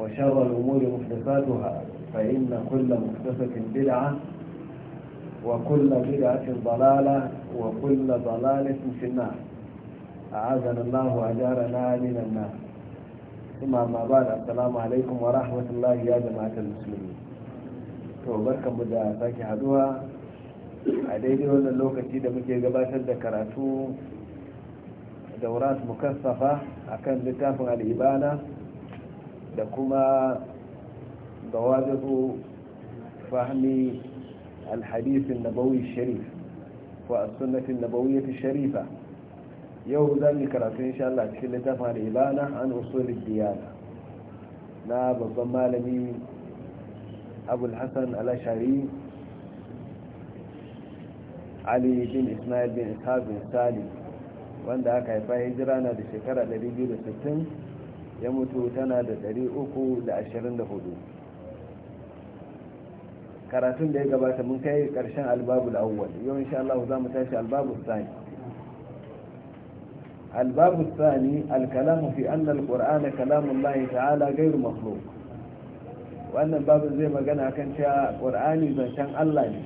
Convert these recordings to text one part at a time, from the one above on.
وشر الأمور محدثاتها فإن كل محدثة بلعة وكل بلعة ضلالة وكل ضلالة في النار أعزنا الله أجارنا من النار ثم ما بعد السلام عليكم ورحمة الله يا جماعة المسلمين to barkanmu da sake haduwa a daidai wannan lokaci da muke gabatar da karatu daurat mukassafa akan da kuma ga wajibu fahimi alhadisin nabawi sharif ko a sunnafin nabawiyyar sharifa yau zan yi karatu insha Allah cikin littafin ribana an usulin diyana na babban malami abulhassan alashari ali bin ismail bin ishaq bin sali wanda aka haifa hijira na da shekara sittin. ya mutu tana da 324 karatun da ya gabata mun kai karshen albabul awwal yau insha Allah za mu tashi albabul thani albabul thani alkalamu fi anna alqur'ana kalamullahi ta'ala ghayru makhluq wannan babin zai magana kan cewa qur'ani zancen Allah ne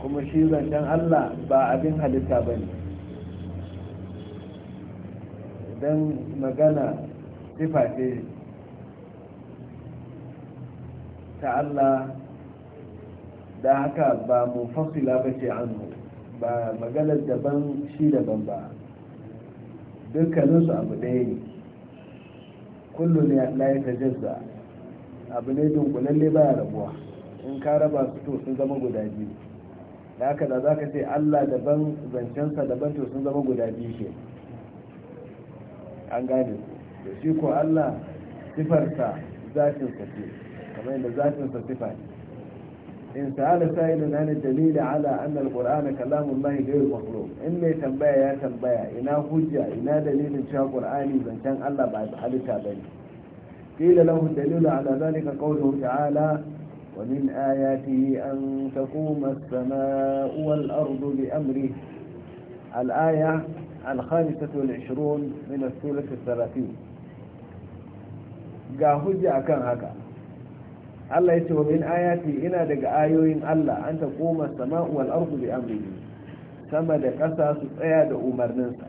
kuma shi zancen Allah ba abin halitta bane don magana sifafe ta Allah da haka ba mu fasila ba ce mu ba maganar daban shi daban ba dukkaninsu abu ɗaya ne kullum ya tajazza abu ne dunkulalle baya rabuwa in ka raba su to sun zama guda biyu da haka da za ka ce Allah daban zancensa daban to sun zama guda biyu ke an gane da shi ko Allah sifarsa zafin sa kamar yadda sifa in sa'ala sa'ilun an dalil ala anna al-qur'ana kalamullahi ghayr in mai tambaya ya tambaya ina hujja ina dalilin cewa qur'ani zancen Allah ba halitta ne. qila lahu dalilu ala zalika qawluhu ta'ala ومن آياته أن تقوم السماء والأرض بأمره الآية الخامسة والعشرون من الثلث الثلاثين ga hujja akan haka Allah ya ce wa min ayati ina daga ayoyin Allah an ta koma sama'u wal ardu bi amrihi sama da ƙasa su tsaya da umarninsa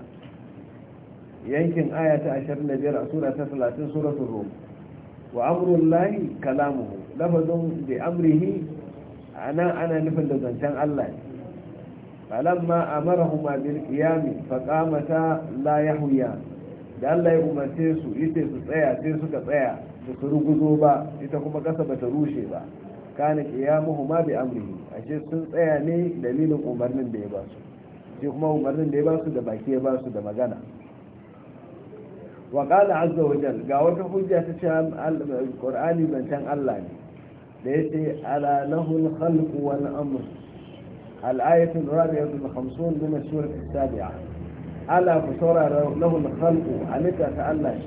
yankin aya ta biyar a sura ta 30 suratul rum wa amrul lahi kalamuhu lafazun bi amrihi ana ana nufin da zancen Allah ne falamma amarahuma bil qiyami faqamata la yahwiya da Allah ya umarce su ita su tsaya sai suka tsaya su ruguzo ba ita kuma kasa bata rushe ba kana qiyamuhuma bi amrihi ashe sun tsaya ne dalilin umarnin da ya ba su sai kuma umarnin da ya ba su da baki ya ba su da magana wa qala azza wa jalla ga wata hujja ta ce al-qur'ani bantan Allah ne da yace ala lahul khalqu wal amru الآية الرابعة والخمسون من السورة السابعة ألا فصور له الخلق عليك تألش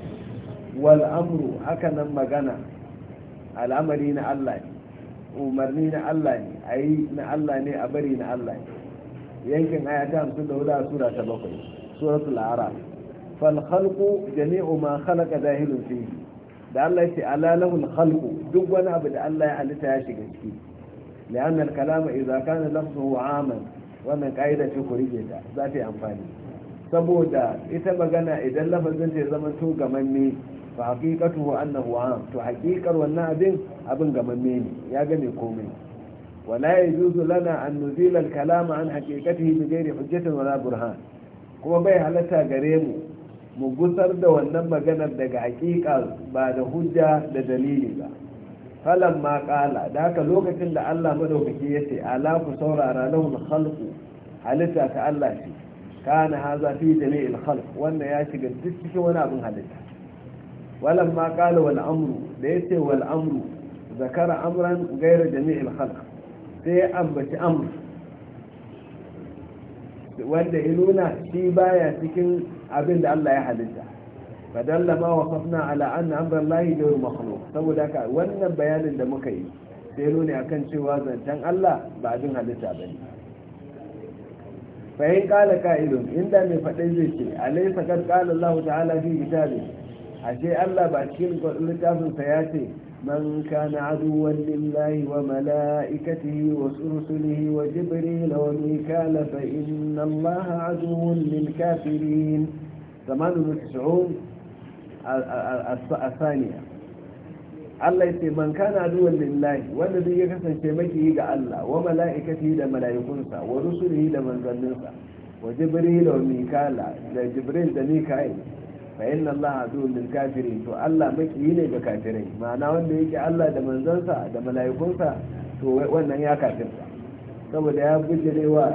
والأمر هكذا مجانا al'amari na Allah umarni na Allah ne a yi na Allah ne a bari na Allah yankin aya ta hamsin da hudu sura ta bakwai suratul araf fal khalqu jami'u ma khalaqa dahilun fihi da Allah ya ce ala lahul khalqu duk wani abu da Allah ya halitta ya shiga ciki لأن kalama إذا كان لفظه عاما wannan ka'ida ce ta za ta yi amfani saboda ita magana idan lafazin ta zama to gamanne fa haqiqatuhu annahu am to haqiqar wannan abin abin gamanne ne ya gani komai wala yajuzu lana an nuzila al-kalama an haqiqatihi bi ghairi hujjatin wala burhan kuma bai halarta gare mu mu gusar da wannan maganar daga haqiqa ba da hujja da dalili ba falan ma kala da haka lokacin da Allah madaukaki ya ce ala ku saurara lahul khalqu halitta ta Allah ce kana haza fi jami'il khalq wannan ya shiga duk cikin wani abin halitta walan ma kala wal amru da yace wal amru zakara amran ghayra jami'il khalq sai ambaci amru wanda ya nuna shi baya cikin abin da Allah ya halitta fadalla wa wasafna ala anna amra allahi ghayru makhluq saboda haka wannan bayanin da muka yi sai nuni akan cewa zancen Allah ba a abin halitta ba bane fahim kala ka'idun inda mai faɗin zai ce alaisa kan kala Allah ta'ala fi kitabi ashe Allah ba cikin littafinsa ya ce man kana aduwan lillahi wa mala'ikatihi wa rusulihi wa jibril wa inna Allah aduwwun lil kafirin zamanin mutsa'un asaniya Allah yace man kana duwan lillahi wanda zai ya kasance maki ga Allah wa mala'ikati da mala'ikunsa wa rusulihi da manzanninsa wa jibril wa mikala da jibril da mika'il fa inna Allah duwan lil kafirin to Allah maki ne ga kafirai ma'ana wanda yake Allah da manzansa da mala'ikunsa to wannan ya kafirta saboda ya wa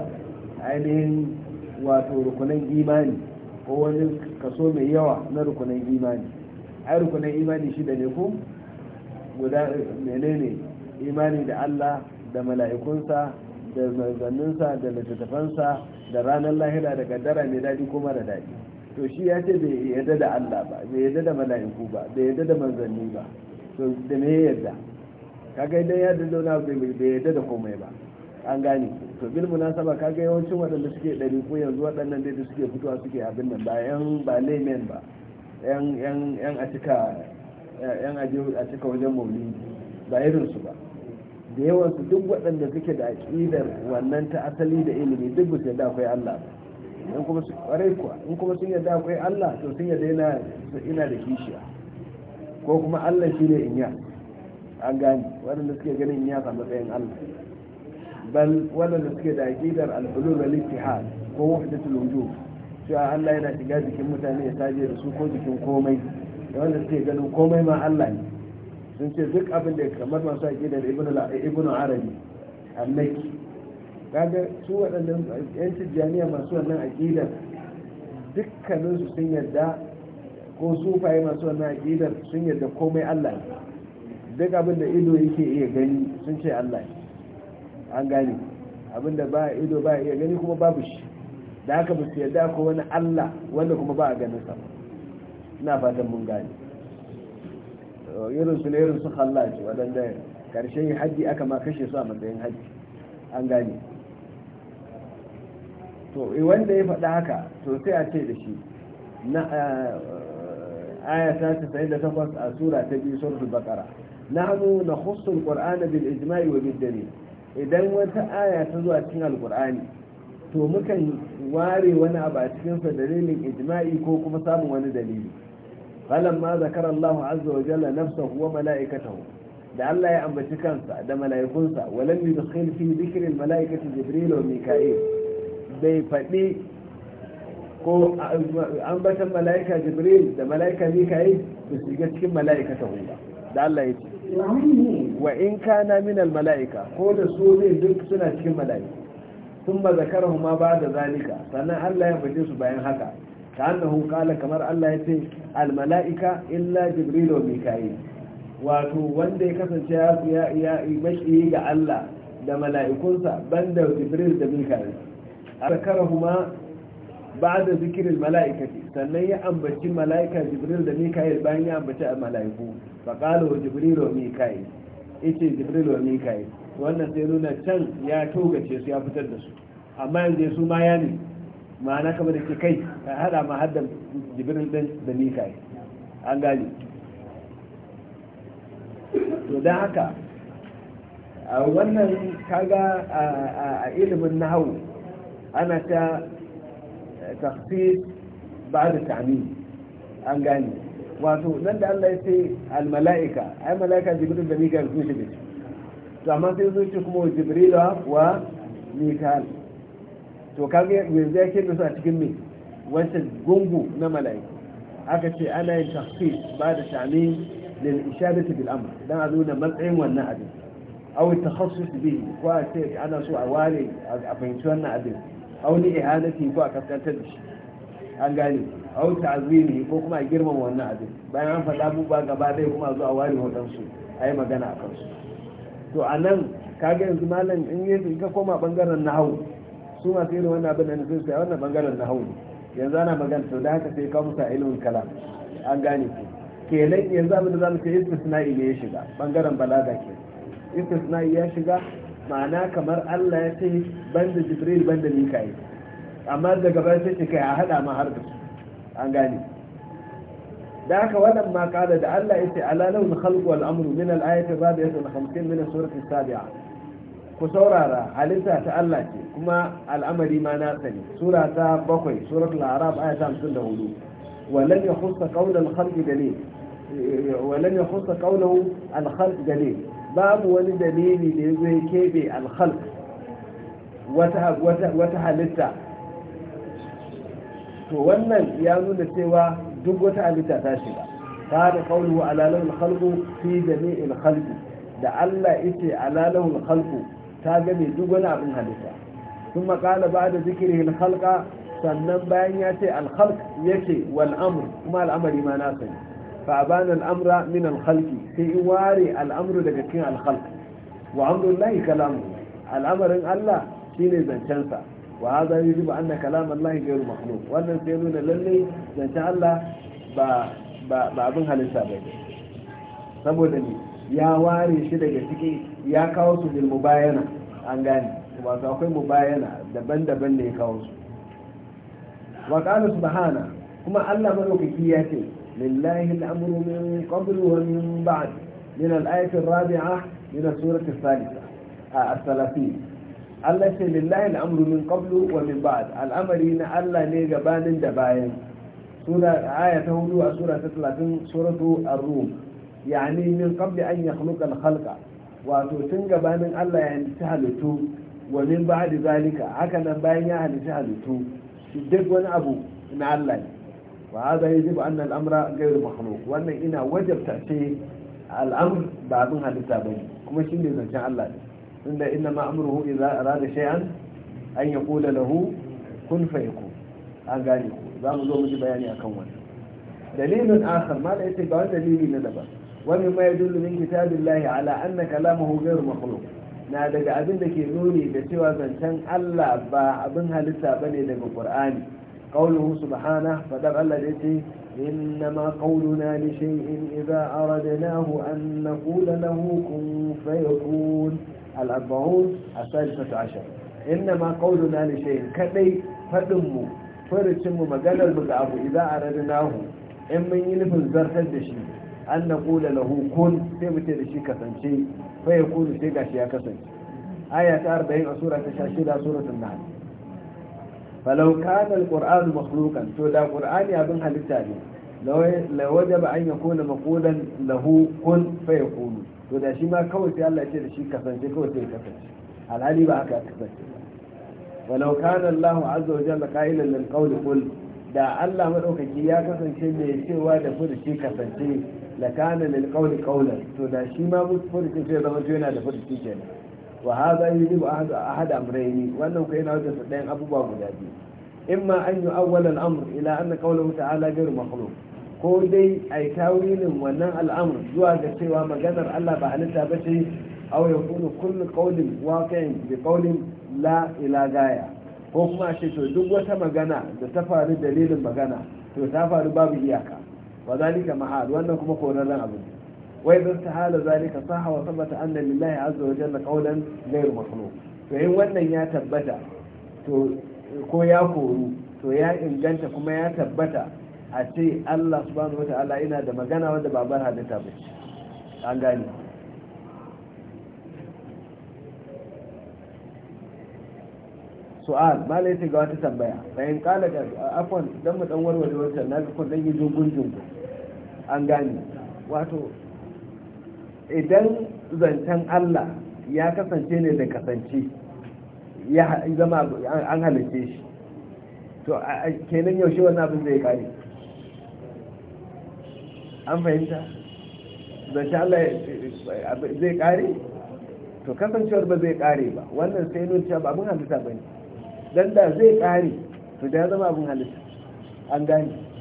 ainihin wato rukunan imani ko wani kaso mai yawa na rukunan imani ai rukunan imani shida ne ko guda menene imani da Allah da mala'ikunsa da manzanninsa da littattafansa da ranar lahira da kaddara mai daɗi ko mara daɗi to shi ya ce bai yadda da Allah ba bai yadda da mala'iku ba bai yadda da manzanni ba to da me yarda kaga idan ya yarda da bai yadda da komai ba an gane ku to bil munasaba kaga yawancin waɗanda suke ɗari ko yanzu waɗannan dai da suke fitowa suke abin nan ba yan ba laymen ba yan yan yan a cika yan aje a cika wajen maulidi ba irin su ba da yawan su duk waɗanda suke da aqidar wannan ta asali da ilimi duk ba su da akwai Allah in kuma su kwarai kuwa in kuma sun yarda akwai Allah to sun yarda yana ina da kishiya ko kuma Allah shine inya an gani waɗanda suke ganin inya a matsayin Allah bal waɗanda suke da aƙidar alhulul wal ittihad ko wahdatul wujud cewa Allah yana shiga jikin mutane ya saje da su ko jikin komai da wanda suke ganin komai ma Allah ne sun ce duk abin da kamar masu aƙidar ibnu arabi annaki kaga su waɗannan yan jami'a masu wannan aƙidar dukkaninsu sun yarda ko sufaye masu wannan aƙidar sun yarda komai Allah ne duk abin da ido yake iya gani sun ce Allah ne an gane abinda ba ido ba iya gani kuma babu shi da haka ba su yarda ko wani Allah wanda kuma ba a ganin sa ina fatan mun gane irin su ne irin su hallaci wadanda karshen haji aka ma kashe su a matsayin haji an gane to eh, wanda ya faɗa haka to sai a ce da shi na eh, aya ta takwas a sura ta biyu suratul baqara nahnu nakhussu al-qur'ana bil ijma'i wa bid dalil idan wata aya ta zuwa cikin alkur'ani to mukan ware wani abu a cikinsa dalilin ijma'i ko kuma samun wani dalili ma zakara Allah azza wa jalla nafsahu wa mala'ikatahu da Allah ya ambaci kansa da mala'ikunsa walam yudkhil fi dhikri al mala'ikati jibril wa mika'il bai faɗi ko ambatan mala'ika jibril da mala'ika mika'il su shiga cikin mala'ikatahu da Allah ya ce wa in kana min mala'ika ko da su ne duk suna cikin mala'ika sun ba zakarahu ma ba da zalika sannan Allah ya bace su bayan haka ka annahu kala kamar Allah ya ce almala'ika illa jibril wa mika'il wato wanda ya kasance ya ya mashi ga Allah da mala'ikunsa banda jibril da mika'il zakarahu ma ba da zikirin mala'ikati sannan ya ambaci mala'ika jibril da mika'il bayan ya ambaci a mala'iku ba ƙala wa jibril wa mika'il ita jibril wa mika'il wannan sai nuna can ya togace su ya fitar da su amma yanzu su ma ya ne ma'ana kamar da ke kai ka haɗa ma haddan jibril da mika'il an to don haka a wannan kaga a ilimin nahawu ana ta tafsir ba da ta'min an gane wato nan da Allah ya ce al mala'ika ai mala'ika jibril da mikael sun shi to amma sai sun ce kuma jibril wa mikael to kaga yanzu ya kirga su a cikin me wancan gungu na malaika aka ce ana yin tafsir ba da ta'min lil ishadati bil amr dan a nuna matsayin wannan abin aw takhassus bihi ko a ce ana so a ware a fahimci wannan abin auni li ihanati ko a kaskantar da shi an gane au ta'zimi ko kuma a girmama wannan abin bayan an faɗa ba gaba dai kuma zo a ware su a yi magana a kansu to a nan kaga yanzu malam in yi ka koma bangaren hau su masu irin wannan abin da nufin sai wannan bangaren hau ne yanzu ana magana to da haka sai ka musa ilimin kalam an gane ku kenan yanzu abin da za mu ce istisna'i ne ya shiga bangaren balaga ke istisna'i ya shiga ma'ana kamar Allah ya ce banda jibril banda mikail amma daga bayan sai ce kai a hada ma har da su an gane da haka wannan ma kada da Allah ya ce ala lawn khalq wal amru min al ayati rabiyati wa 50 min surati sabi'a ku saurara halitta ta Allah ce kuma al'amari ma na sani sura ta bakwai suratul arab aya ta 54 walan yakhussa qawla al khalq dalil eh, walan yakhussa qawluhu al khalq dalil babu wani dalili da ya zo ya keɓe wata halitta to wannan ya nuna cewa duk wata halitta ta shiga ta da kawo alalahul khalqu fi jami'in halku da Allah yace alalahul khalqu ta game duk wani abin halitta sun makala ba da zikirin halka sannan bayan ya ce alhalk yake ce wal'amur kuma al'amari ma na sani fa abana al'amra min sai in ware al'amru daga cikin al-khalq kalamu al'amarin Allah shine zancensa wa hadha yujibu anna kalam Allah ghayru makhluq wannan sai nuna lalle zancen Allah ba abin halitta ba saboda ne ya ware shi daga ciki ya kawo su bil mubayana an gane wato akwai mubayana daban-daban ne ya kawo su wa qala subhana kuma Allah madaukaki ya ce لله الأمر من قبل ومن بعد من الآية الرابعة من السورة الثالثة آه الثلاثين الله شيء لله الأمر من قبل ومن بعد الأمر إن الله نيجبان دباين سورة آية هولو سورة 30 سورة الروم يعني من قبل أن يخلق الخلق وتنجبان الله يعني تهلتو ومن بعد ذلك هكذا باين يعني تهلتو duk wani abu na Allah ne وهذا يجب أن الأمر غير مخلوق وأن إنا وجب تأتي الأمر بعضها لتابعين كما شنو إذا شاء الله إن إنما أمره إذا أراد شيئا أن يقول له كن فيكون an gane ku za mu zo mu ji bayani akan wannan dalilin akhar ma da yake ga dalili na daban wani ma kitabillahi kalamahu na daga abin da ke nuni da cewa zancen Allah ba abin halitta bane daga Qur'ani قوله سبحانه فدع الذي إنما قولنا لشيء إذا أردناه أن نقول له كن فيكون الأربعون الثالثة عشر إنما قولنا لشيء كدي فدمه فرسم مجال المقعب إذا أردناه إما ينفذ الزرح الدشي أن نقول له كن سيبتي دشي كسنشي فيكون سيقع شيئا كسنشي آية 40 سورة 16 سورة النحل falau kana alqur'anu makhluqan to da qur'ani abin halitta ne la wajaba an yakuna maqulan lahu kun fayakunu to da shi ma kawai sai Allah ya ce da shi kasance kawai sai kasance alhali ba haka kasance walau kana Allah azza wa jalla qailan lil qawli qul da Allah madaukaki ya kasance mai cewa da furuci kasance la kana lil qawli qawlan to da shi ma mutu furuci sai zama yana da shi kenan wa hadha yujibu ahad ahad amrayni wannan kai yana wajen ɗayan abubuwa guda biyu imma an yu'awwala al-amr ila anna wuta ta'ala ghayru makhluq ko dai ai tawilin wannan al'amur zuwa ga cewa maganar Allah ba halitta ba ce aw yakunu kullu qawlin waqi'in bi qawlin la ila gaya ko kuma ce to duk wata magana da ta faru dalilin magana to ta faru babu iyaka wa zalika mahal wannan kuma korarren abu ne وإذا استحال ذلك صح وثبت أن لله عز وجل قولا غير مخلوق فإن وانا يا تبتا ko ya koru to ya inganta kuma ya tabbata a ce Allah subhanahu wa ta'ala ina da magana wanda ba bar ba an gani su'al ba laifin ga wata tambaya bayan kala da afon don mu dan warware wata na ga kun dan yi jogun jungu an gani wato idan zancen Allah ya kasance ne da kasance ya zama an halice shi to kenan yaushe wani abin zai kare an fahimta zancen Allah eh, eh, zai kare to kasancewar ba zai kare ba wannan sai nun cewa abin halitta ba ne don da zai kare to da ya zama abin halitta an gane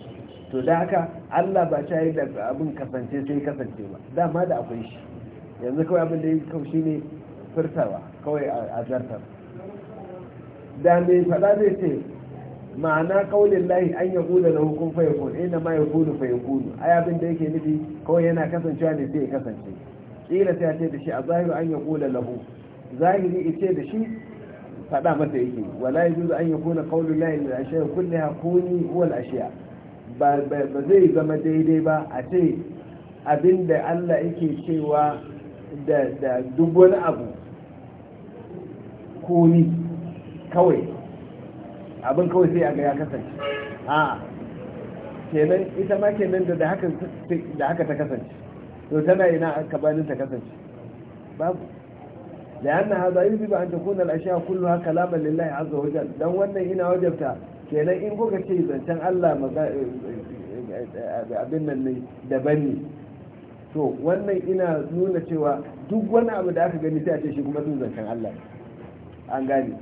to da haka Allah ba ta yi da abin kasance sai kasance ba dama da akwai shi yanzu kawai abin da ya kau shi ne furtawa kawai a zartar da mai faɗa zai ce ma'ana kaulin lahi an ya kula da hukun fa ya ina ma ya kunu fa ya ai abin da yake nufi kawai yana kasancewa ne sai ya kasance tsira sai a ce da shi a zahiru an ya kula lahu zahiri ce da shi faɗa masa yake wala yajuzu an ya yakuna qawlu la ilaha illa huwa al-ashiya ba zai zama daidai ba a ce abinda Allah yake cewa da duk wani abu ko ni kawai abin kawai sai a ya kasance a kenan ita ma kenan da haka ta kasance to tana ina akabanin ta kasance babu لأن هذا يجب أن تكون الأشياء كلها كلاما لله عز وجل Don أن ina وجبتها kenan in kuka ce zancen Allah eh, eh, eh, abin nan ne daban ne to wannan ina nuna cewa duk wani abu da aka gani a ce shi kuma sun zancen Allah an gani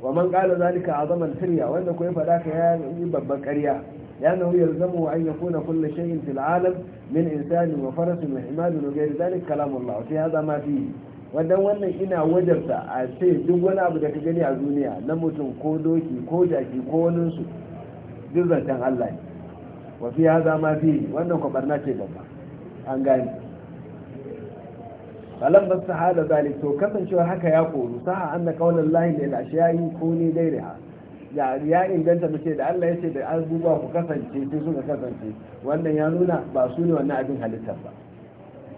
wa man kala zalika azaman firya wanda ku fada ka ya yi babban karya ya nahu ya zama wa an yakuna kulle shayin fil alam min insani wa farasin wa himadin wa gairi zalika kalamun Allah sai ya ma fi wannan wannan ina wajarta a ce duk wani abu da ka gani a duniya na mutum ko doki ko jaki ko waninsu duk zancen Allah ne wafi ya zama fi wannan kwabarna ce babba an gani alam ba su hada zalik to kasancewa haka ya koru saha an na kaunar lahi da yayi ko ne dai da ya ya inganta ce da Allah ya ce da zuwa ku kasance sai suka kasance wannan ya nuna ba su ne wannan abin halittar ba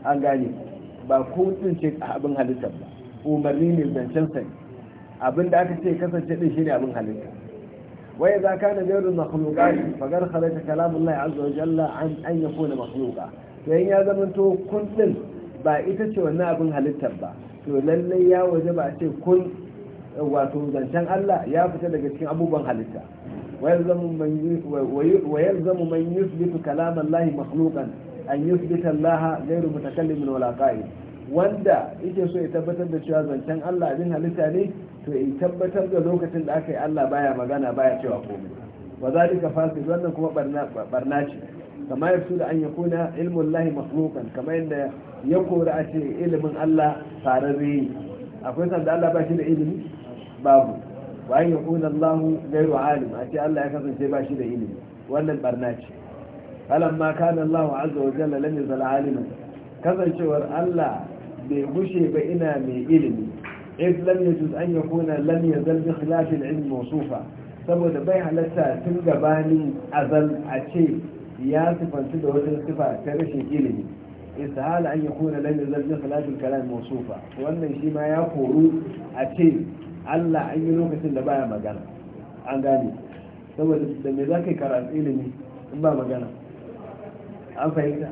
an gane ba ko din ce abin halitta ba umarni ne zancen sai abin da aka ce kasance din shine abin halitta za ka na ghayru makhluqat fa gar khalaqa kalamullahi azza wa jalla an an yakuna makhluqa to in ya zamanto kun din ba ita ce wannan abin halitta ba to lalle ya waje ba ce kun wato zancen Allah ya fita daga cikin abubuwan halitta wa yalzamu man كلام الله makhluqan an yuthbita laha ghayru mutakallimin wala qa'il wanda yake so ya tabbatar da cewa zancen Allah abin halitta ne to ya tabbatar da lokacin da aka yi Allah baya magana baya cewa komai wa ka fasi wannan kuma barna barna ce da an kuna ilmun lahi makhluqan kama yadda ya kori a ce ilimin Allah fararre akwai sanda Allah ba shi da ilimi babu wa an kuna Allah ghayru alim a ce Allah ya kasance ba shi da ilimi wannan barna ce alamma kana Allah azza wa jalla lam yazal aliman kasancewar Allah bai gushe ba ina mai ilimi إذ لم يجوز أن يكون لم يزل بخلاف العلم موصوفا saboda bai halatta tun gabani azal a ce ya sifanci da wajen sifa ta rashin ilimi istihala an yakuna lam yazal bi khilafil kalam mawsufa wannan shi ma ya koru a ce Allah an yi lokacin da baya magana an gane saboda da me za zaka karatu ilimi in ba magana an fahimta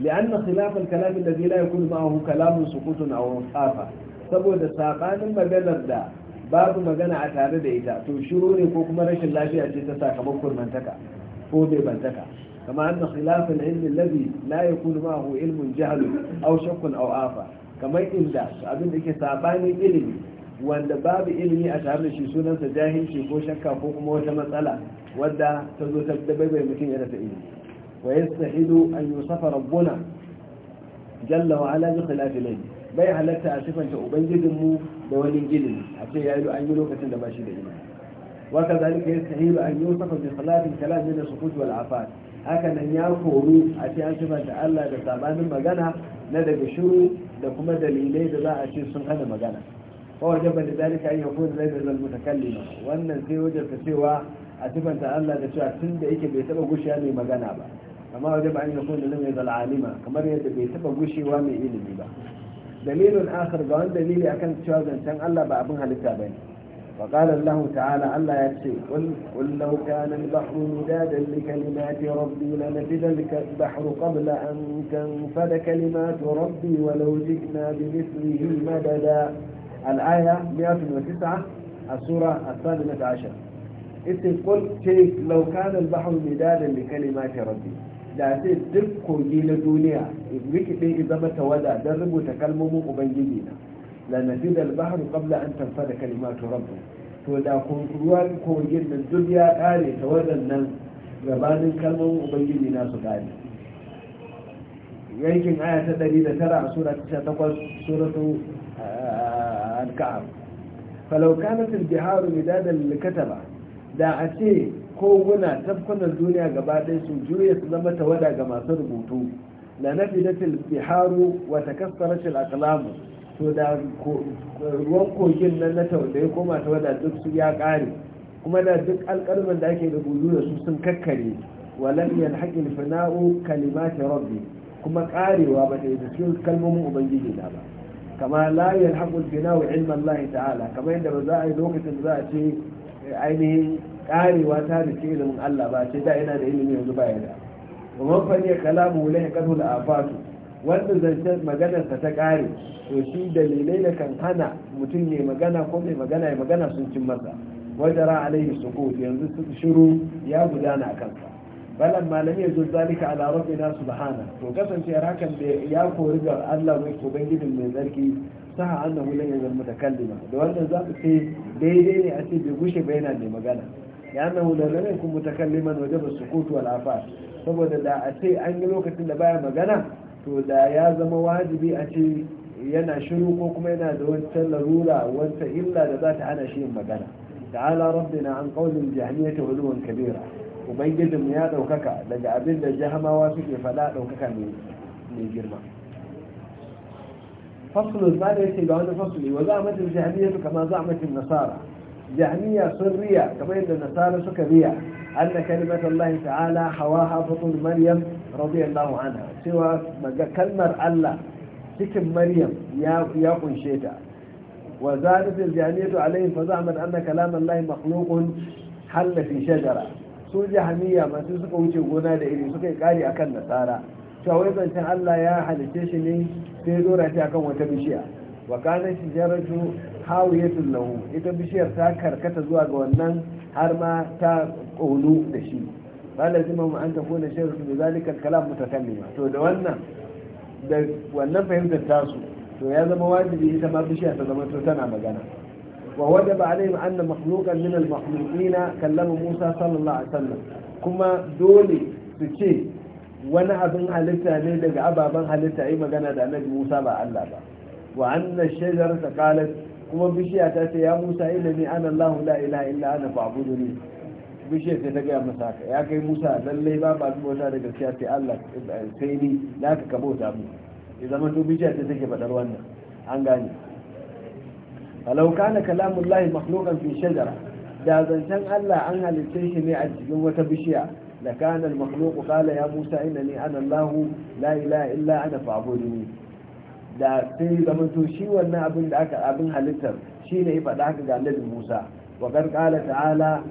li'anna khilafal kalam alladhi la yakunu ma'ahu kalamun sukutun aw qafa saboda sabanin maganar da babu magana a tare da ita to shiru ne ko kuma rashin lafiya ce ta sakamakon mantaka ko bai bantaka kama anna khilafal ilmi alladhi la yakunu ma'ahu ilmun jahl aw shakkun aw afa kamar inda abin da yake sabani ilimi wanda babu ilimi a tare da shi sunansa jahilci ko shakka ko kuma wata matsala wadda ta zo ta bai mutum ya ta ilimi wa yastahidu an yusafa rabbuna jalla wa ala bi khilafi bai halatta a sifanta ubangijin mu da wani gilimi a ce yayi an yi lokacin da ba shi da ilimi wa kadhalika yastahidu an yusafa bi khilafi kalam min sukutu sukut wal afat haka nan ya koru a ce an sifanta Allah da sabanin magana na daga shiru da kuma dalilai da za a ce sun hana magana فوجب لذلك أن يكون ليس المتكلم وأن في وجه سوى أتبن تألا تشوى تند إيك بيتبع قشي أني مغانا با كما وجب أن يكون لم يزل عالما كما بيتبع قشي وامي اللي بيبقى دليل آخر قال دليل أكن تشوى زنشان ألا بأبنها لتابين وقال الله تعالى ألا يكفي قل, قل لو كان البحر مدادا لكلمات ربي لنفذ البحر قبل أن تنفذ كلمات ربي ولو جئنا بمثله مددا الآية 109 السورة الثامنة عشر na قل لو كان البحر مدادا لكلمات ربي da ce duk kogi na duniya rikide ya zama tawada don rubuta kalmomin ubangiji na la nazidal bahru qabla an tanfada kalimatu rabbi to da kun ruwan kogin nan duk ya kare tawadan nan gabanin kalmomin ubangiji na su kare yankin aya ta 109 a sura 18 suratu alka'ab falau kanat albiharu midadan likataba da a ce koguna tafkunan duniya gaba ɗaya su juya su zama tawada ga masu rubutu la nafidat albiharu wa takassarat alaqlam to ruwan kogin nan na tawada ko ma tawada duk su ya ƙare kuma da duk alƙalman da ake rubutu da su sun kakkare walam yalhaqil fina'u kalimati rabbi kuma karewa bata ta yi cikin kalmomin ubangiji na ba kama la yalhaqu al-bina wa ta'ala kama yadda ba za a yi lokacin za a ce ainihin karewa ta da ke ilimin Allah ba ce da yana da ilimi yanzu ba yana wa man fani kalamu ya kasu al-afatu wanda zancen maganarsa ta kare to shi dalilai da kan hana mutum ne magana ko mai magana ya magana sun cin masa wajara alaihi sukut yanzu shiru ya gudana a kansa balan malam ya zo zalika ala na subhana to kasance hakan da ya kori ga Allah mai ubangijin mai zarki saha annahu lan yazal mutakallima da wannan za ku ce daidai ne a ce bai gushe ba yana mai magana ya annahu la lam yakun waje wajaba kotu wal afat saboda da a ce an yi lokacin da baya magana to da ya zama wajibi a ce yana shiru ko kuma yana da wancan larura wancan illa da za ta hana shi magana ta'ala rabbina an qawlin jahmiyati uluwan kabira ubangijinmu ya ɗaukaka daga abin da jahamawa suke faɗa ɗaukaka mai girma fasulun ma yake ga wani fasuli wa za a matin jami'a kama za a matin nasara jami'a sun riya kamar yadda nasara suka riya أن كلمة الله تعالى حواها maryam مريم رضي الله عنها سوى كلمة الله سكن مريم يكون شيئا وزادت الجهنية عليهم فزعمت أن كلام الله مخلوق حل في شجرة su hamiya masu suka wuce gona da iri suka yi kari akan nasara cewa zancen Allah ya halice shi ne sai dora shi akan wata bishiya wa kana shijaratu hawiyatul lahu ita bishiyar ta karkata zuwa ga wannan har ma ta kolu da shi balazima mu an ta kona sharru da zalikal kalam mutakallima to da wannan da wannan fahimtar tasu to ya zama wajibi ita ma bishiya ta zama to tana magana ووجب عليهم أن مخلوقا من المخلوقين كلم موسى صلى الله عليه وسلم كما دولي سكي wani abin halitta ne daga ababen halitta yi magana da annabi Musa ba Allah ba wa anna shajar ta qalat kuma bishiya ta ce ya Musa ilmi ana Allah la ilaha illa ta ga masa ya kai Musa lalle ba ba bauta da gaskiya sai Allah sai ni da ka bauta mu ya zama to bishiya ta take fadar wannan an gane falau kana kalamun lahi makhluqan fi shajara da zancen Allah an halitta shi ne a cikin wata bishiya da kana al-makhluq qala ya Musa innani ana Allah la ilaha illa ana fa'budni da sai zaman to shi wannan abin da aka abin halittar shine ya faɗa haka ga Annabi Musa wa qad qala ta'ala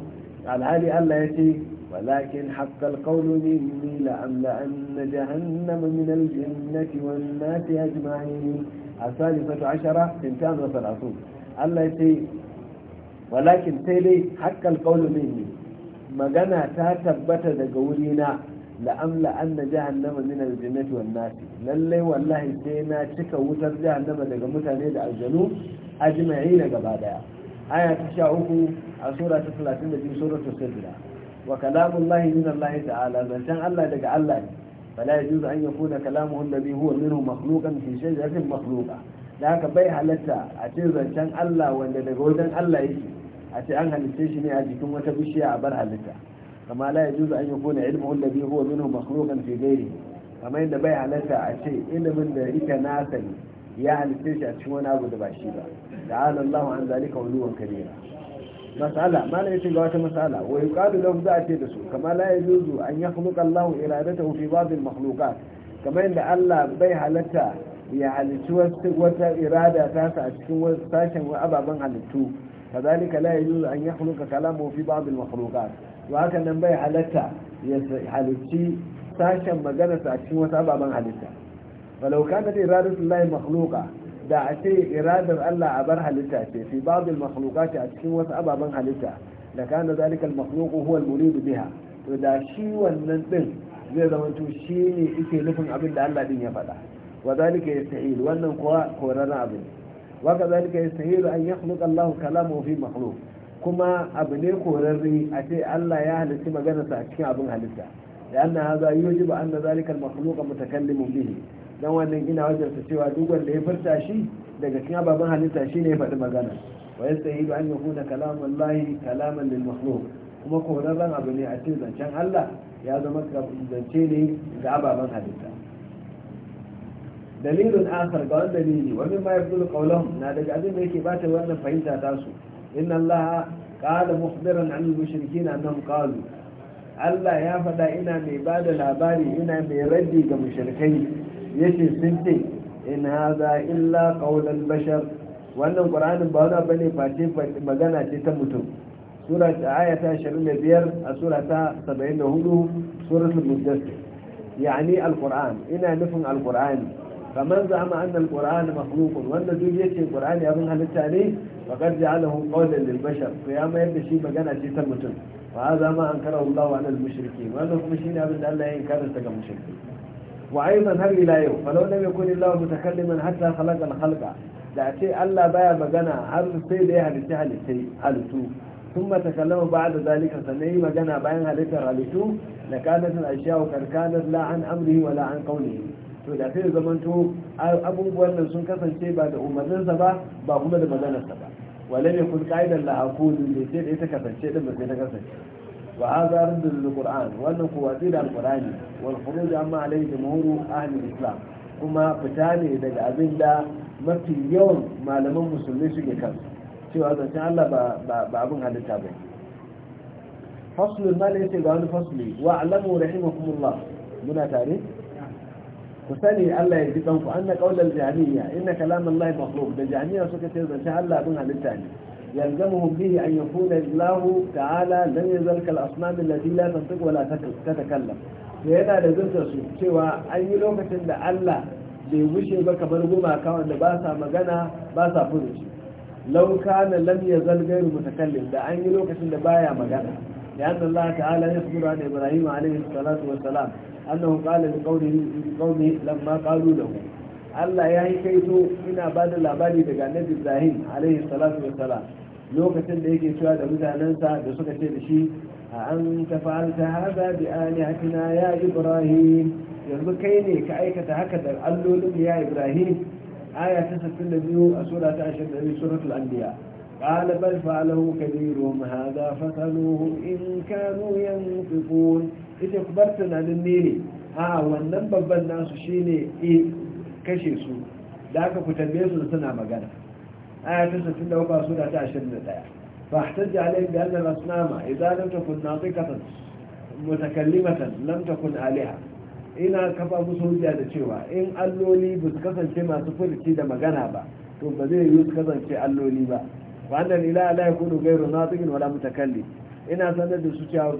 alhali Allah yace ولكن حق القول مني لأملأن جهنم من الجنة والناس أجمعين الثالثة عشرة ثنتان وثلاثون Allah ya ce walakin sai dai hakkal qawlu ne magana ta tabbata daga wurina la'amla na jahannama min al wan nas lallai wallahi sai na cika wutar jahannama daga mutane da aljanu na gaba daya aya ta sha uku a sura ta talatin da biyu suratul sajda wa lahi min Allah ta'ala zancen Allah daga Allah ne fala yajuzu an yakuna kalamuhu alladhi huwa minhu makhluqan fi shay'atin makhluqa da haka bai halatta a ce zancen Allah wanda daga wajen Allah yake a ce an halitta shi ne a jikin wata bishiya a bar halitta kama la ya juzu an yakuna ilmuhu alladhi huwa minhu makhluqan fi ghairihi kama yadda bai halatta a ce ilimin da ita na ne ya halitta shi a cikin wani abu da ba shi ba da ta'ala Allahu an zalika uluwan kabira mas'ala malam yace ga wata mas'ala wa yuqalu lahum za a ce da su kama la ya juzu an yakhluqa Allahu iradatahu fi ba'd al-makhluqat kama yadda Allah bai halatta ya halittu wata irada ta a cikin sashen ababen halittu kazalika la yajuzu an yakhluqa kalamu fi ba'd al-makhluqat to haka nan bai halatta ya halitti sashen magana sa a cikin wasu ababen halitta walau kanat iradatu layi makhluqa da a ce iradar Allah a bar halitta ce fi ba'd al-makhluqat a cikin wasu ababen halitta da kana zalika al-makhluq huwa al-murid biha to da shi wannan din zai zama to ne yake nufin abin da Allah din ya faɗa wa zalika yastahil wannan kuwa koran abu ne wa ka zalika yastahil an yakhluqa Allah kalamu fi makhluq kuma abu ne a ce Allah ya halitta maganarsa a cikin abin halitta da anna hadha yujibu anna zalika al-makhluqa mutakallimun bihi dan wannan ina wajarta cewa duk wanda ya furta shi daga cikin ababen halitta shine ya faɗi magana wa yastahilu an yakuna kalamu Allah kalaman lil makhluq kuma korarren abu ne a ce zancen Allah ya zama zance ne ga ababen halitta dalilin akar ga wanda dalili wani mimma yafdulu na daga abin da yake bata wannan fahimta ta su inna allaha qala mukhbiran an mushirki na nan qalu Allah ya faɗa ina mai ba da labari ina mai raddi ga mushrikai yace sun ce in hadha illa qawlan bashar wannan qur'anin ba wani bane face magana ce ta mutum sura aya ta 25 a sura ta 74 suratul mujaddid yani al ina nufin al kamar za mu annal qur'an makhluqun wanda duk yake qur'ani abin halitta ne wa qad ja'alahu qawlan lil bashar to ya mayar da shi magana ce ta mutum wa za mu ankara Allah anil mushriki wanda kuma shine abin da Allah ya inkara ta ga mushriki wa aidan har ila yau falau lam yakun Allah mutakalliman hatta khalaqa da khalqa da ce Allah baya magana har sai da ya halitta halittai halittu ثم تكلموا بعد ذلك سنين وجنا بين هذه الرجلين لكانت الأشياء كركانت لا عن أمره ولا عن قوله to da sai zamanto abubuwan nan sun kasance ba da umarninsa ba ba kuma da maganarsa ba wale ne kun ka'idar la'akudin da sai da ita kasance din ba sai ta kasance wa da rundun ƙur'an wannan ko watsi da alqurani wal khuruj amma alayhi jumhur ahli islam kuma fita ne daga abinda da mafi yawan malaman musulmi suke kan cewa zancen Allah ba abin halitta ba faslun ma ga wani fasli wa alamu rahimakumullah muna tare ku sani Allah ya ji kanku anna qaulal jahmiya inna kalamin Allah makhluq da jami'a suka ce zance Allah abin halitta ne يلزمهم به أن يكون Ta'ala, تعالى لم ذلك الأصنام التي لا تنطق ولا تتكلم yana da zurta su cewa an yi lokacin da Allah bai wuce ba kamar gumaka wanda ba sa magana ba sa furuci lau kana lam yazal gairu mutakallim da an yi lokacin da baya magana لأن الله تعالى يخبر عن إبراهيم عليه الصلاة والسلام أنه قال لقومه, لقومه لما قالوا له Allah ya yi kaito ina ba da labari daga Annabi Ibrahim alaihi lokacin da yake cewa da mutanensa da suka ce da shi a an ya Ibrahim yanzu kai ne ka aikata haka da allolin ya Ibrahim aya ta 62 a sura ta 22 suratul anbiya قال بل فعله كبيرهم هذا فسألوهم إن كانوا ينطقون إذا أخبرتنا للنيني آه والنبى بالناس شيني إيه كشيسو ذاك كتنبيسوا لسنا مقالة آية تسفل له قاسولة عشر فاحتج عليه بأن الأصنام إذا لم تكن ناطقة متكلمة لم تكن آلهة ina kafa musu hujja da cewa in alloli ba su kasance masu furci da magana ba to ba zai yi su kasance alloli ba wa annal ila la gairu na natiqin wala mutakallim ina sanar da su cewa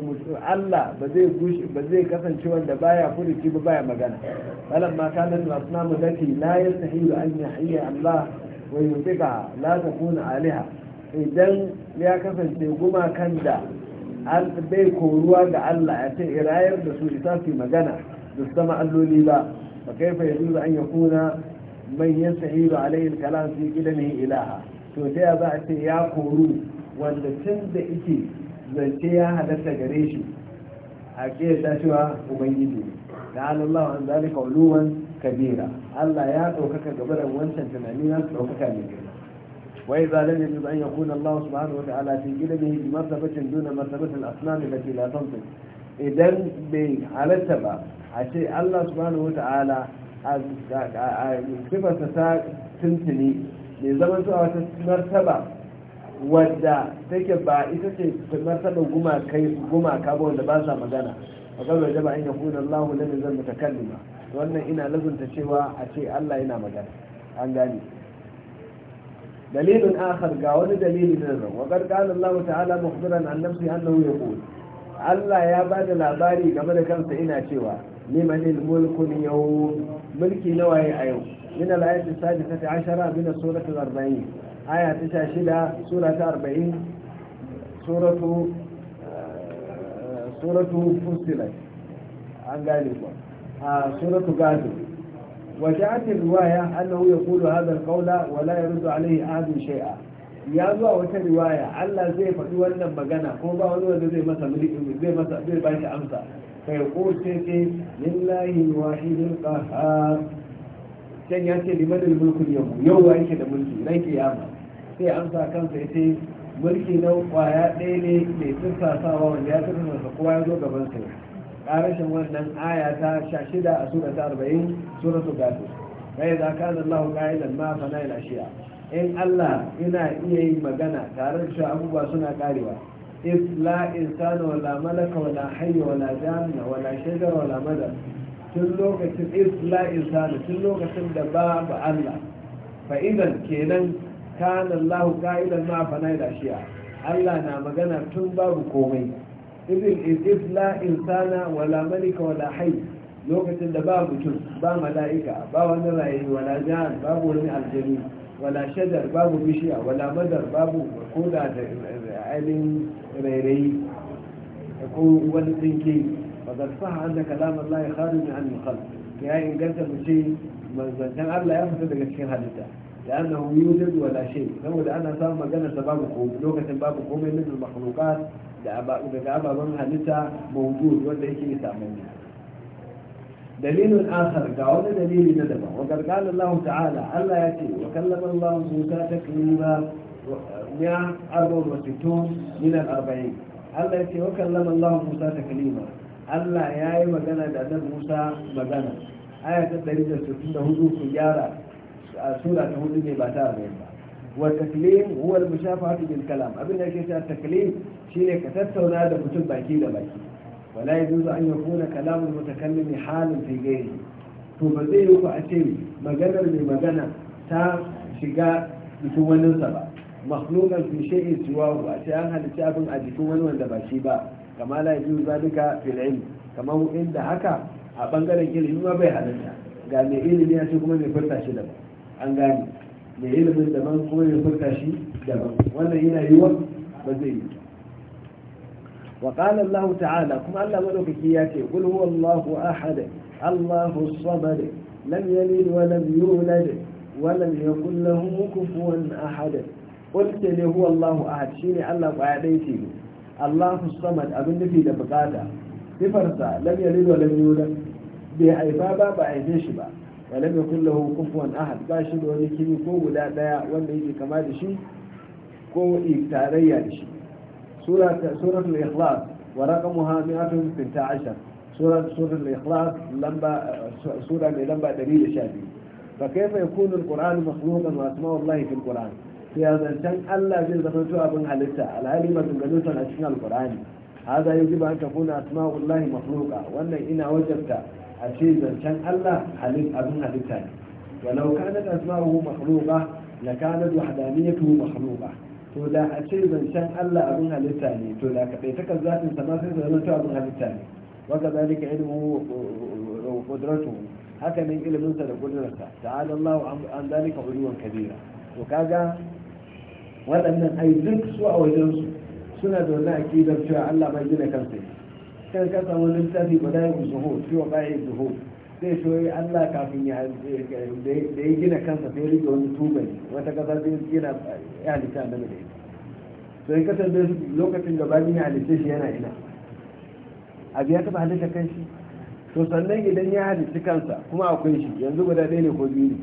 Allah ba zai gushi ba zai kasance wanda baya furuci ba baya magana falan ma kana al-asnam allati la yastahilu an yahiya Allah wa yutiqa la takuna alaha idan ya kasance gumakan da bai koruwa ga Allah ya ce irayar da su isa su magana da sama alloli ba fa kaifa yajuzu an yakuna man yastahilu alayhi al fi ilaha to da ya za a ce ya koru wanda tun da ike zance ya halatta gare shi a ƙiyarta cewa ubangiji da alallahu an zalika uluwan kabira Allah ya ɗaukaka gaba da wancan tunani na ɗaukaka mai girma wai zalim yanzu an yakun Allah subhanahu wa ta'ala fi ilmihi bi martabatin duna martabatin da allati la tanṭiq idan bai halatta ba a ce Allah subhanahu wa ta'ala a sifarsa ta tuntuni mai zamantu su a wata martaba wadda take ba ita ce martaba gumaka ba wanda ba sa magana a kan wajen ba an yi lahu Allahu lalin zan mutakallima wannan ina lazunta cewa a ce Allah yana magana an gane دليل آخر قاول دليل نظر وقد قال ya تعالى allah ya نفسه أنه يقول الله يا بعد العباري قبل كم سئنا شوى yau mulki اليوم ملكي a yau. من الآية السادسة عشرة من السورة الأربعين آية تسعة شدة سورة أربعين سورة سورة فصلت عن ذلك سورة غازي وجاءت الرواية أنه يقول هذا القول ولا يرد عليه أحد شيئا ya zuwa wata riwaya Allah zai faɗi wannan magana ko ba wani wanda zai masa mulki zai masa zai ba shi amsa fa yaqul sai lillahi wahidil qahhar can ya ce liman mulkin yau yau wa yake da mulki ya kiyama sai amsa kansa ya ce mulki na kwaya ɗaya ne mai sassasawa wanda ya masa kowa ya zo gaban sa karashin wannan aya ta sha shida a sura ta arba'in sura su gafi kai za ka zan lahu ma fa na'il ashiya in allah ina iya yin magana tare da shi abubuwa suna karewa is la insana wala malaka wala hayya wala janna wala shajar wala madar tun lokacin isla insani tun lokacin da ba babu Allah fa kenan kana Allah qa'ilan ma fa da shi'a Allah na magana tun babu komai idin isla insana wala malika wala hayy lokacin da ba mutum ba mala'ika ba wani raye wala jihar babu wani aljani wala shadar babu bishiya wala madar babu koda da ainihin rairayi ko wani tsinke فقد صح أن كلام الله خارج عن الخلق يعني إن قلت شيء من الله يفتح لك شيء هذا لأنه يوجد ولا شيء هو لأن صار مجانا سباب قوم لغة باب قوم من المخلوقات إذا أبا من هلسة موجود ولا شيء يسامنها دليل آخر دعونا دليل ندبة وقد قال الله تعالى ألا يأتي وكلم الله موسى تكليما 164 من الأربعين ألا يأتي وكلم الله موسى تكليما Allah ya yi magana da annabi Musa magana aya ta 164 ku gyara a sura ta hudu ne ba ta arba'in ba wa taklim huwa al-mushafahatu bil kalam abin da yake cewa taklim shine ka tattauna da mutum baki da baki wala yajuzu an yakuna kalamul mutakallim halin fi ghairi to ba zai yi ku a ce maganar mai magana ta shiga jikin waninsa ba makhluqan fi shay'in siwahu a ce an halicci abin a jikin wani wanda ba shi ba kama la yaji zalika fil ilm kamar inda haka a bangaren ilimi ma bai halitta ga mai ilimi ya ce kuma mai furta shi daban an gane mai ilimin daban kuma mai furta shi daban wannan yana yiwuwa ba zai yi وقال الله تعالى كما الله ملوك كياتي قل هو الله أحد الله الصمد لم يلد ولم يولد ولم يكن له كفوا أحد قلت لي shine الله أحد شيني الله قاعديتي Allahu samad abin nufi da bukata sifarsa lam yalid wa lam yulad bai haifa ba ba haife shi ba wa lam yakul lahu kufuwan ahad ba shi da wani kimi ko guda daya wanda yake kama da shi ko tarayya da shi سورة الإخلاص ورقمها 116 سورة سورة الإخلاص لمبة سورة لمبة دليل شابي فكيف يكون القرآن مخلوقا وأسماء الله في القرآن ya zancen Allah zai zama to abin halitta alhali maganganun sa a cikin alqur'ani hada yaji ba ta kuna asma'ullahi makhluqa wannan ina wajabta a ce zancen Allah abin halitta ne walau kanat asma'uhu makhluqa la kanat wahdaniyatuhu makhluqa to da a ce zancen Allah abin halitta ne to da kadai ta zatin sa ma sai zama to abin halitta ne wa kadhalika ilmuhu wa haka nan ilimin da qudrarsa ta'ala Allah an dalika uluwan kabira to kaga waɗannan ai duk su a wajensu suna da wani akidar cewa Allah bai gina kansa kan ka samu littafi ba da yin zuho fi wa bayan zuho zai so yi Allah kafin ya da ya gina kansa sai rike wani tubai wata kasa sai gina ya halitta da ita to in kasar da lokacin da bani ya halitta shi yana ina abu ya taba halitta kan shi to sannan idan ya halitta kansa kuma akwai shi yanzu guda ɗaya ne ko biyu ne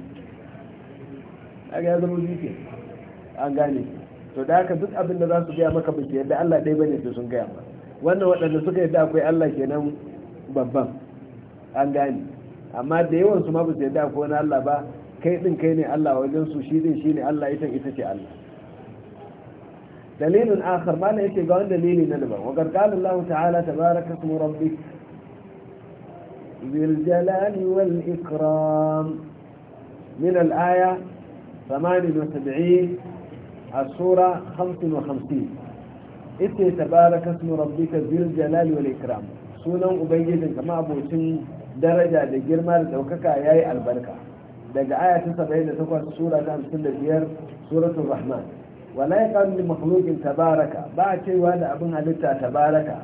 aga ya zama biyu an gane to da haka duk abin da za su gaya maka bace yadda Allah ɗaya bane sai sun gaya ma wannan waɗanda suka yadda akwai Allah kenan babban an gane amma da yawan su ma ba su yadda akwai wani Allah ba kai din kai ne Allah wajen su shi din shine Allah ita ita ce Allah dalilin akhar ne yake ga wani dalili na daban wa qala Allah ta'ala tabaraka ismu rabbik ذي الجلال والإكرام من الآية 78 السورة 55 إتي تبارك اسم ربك ذي الجلال والإكرام سونا أبيد كما أبو سن درجة لجرمى لتوككا ياي البركة daga aya ta saba'in da takwas sura ta hamsin da biyar suratul rahman wala yaqalu li makhluqin tabaraka ba a cewa da abin halitta tabaraka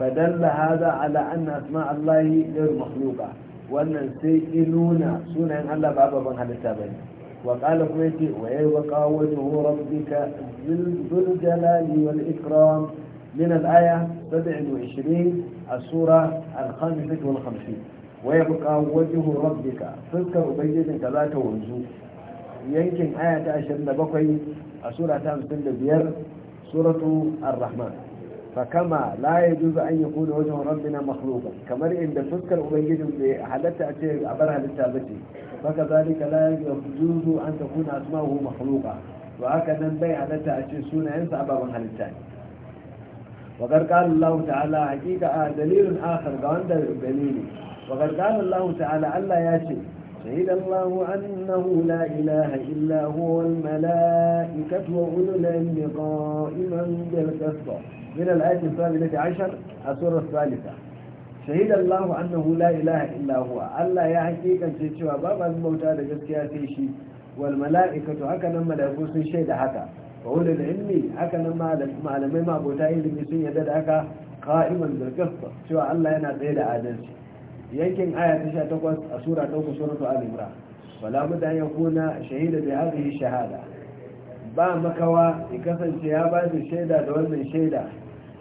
fadalla hada ala anna asma allahi ghayr makhluqa wannan sai inuna sunayen allah ba halitta bane وقال كويتي ويبقى وجه ربك ذو الجلال والإكرام من الآية 27 السورة الخامسة والخمسين ويبقى وجه ربك فذكر بيدك لا ونزو يمكن آية 27 السورة 55 سورة الرحمن fakama laye duzu an yi kuna wajen rabbina makhluka kamar inda fuskar ubangijin bai halatta a ce a bar halitta ba ce baka zalika laye duzu an ta kuna asma hu makhluka to haka nan bai halatta a ce sunayensa ababen halitta ne wa garkar Allah ta'ala hakika a dalilin akhar ga wanda dalili wa garkar ta'ala Allah ya ce شهد الله أنه لا إله إلا هو الملائكة وأولو العلم قائما بالقسط من الآية الثامنة عشر السورة الثالثة شهد الله أنه لا إله إلا هو ألا يحكي كان تشوى بابا الموتى لجسكيا تيشي والملائكة هكا نما لأقول شهد هكا وأولو العلم هكا نما معلمين ما بوتاين لمسين يدد هكا قائما بالقسط شوى ألا ينا قيد عادلشي yankin aya ta sha takwas a sura ta uku suratu al-imra wala budda ya kuna shahida bi hadhihi shahada ba makawa ya kasance ya ba shaida da wannan shaida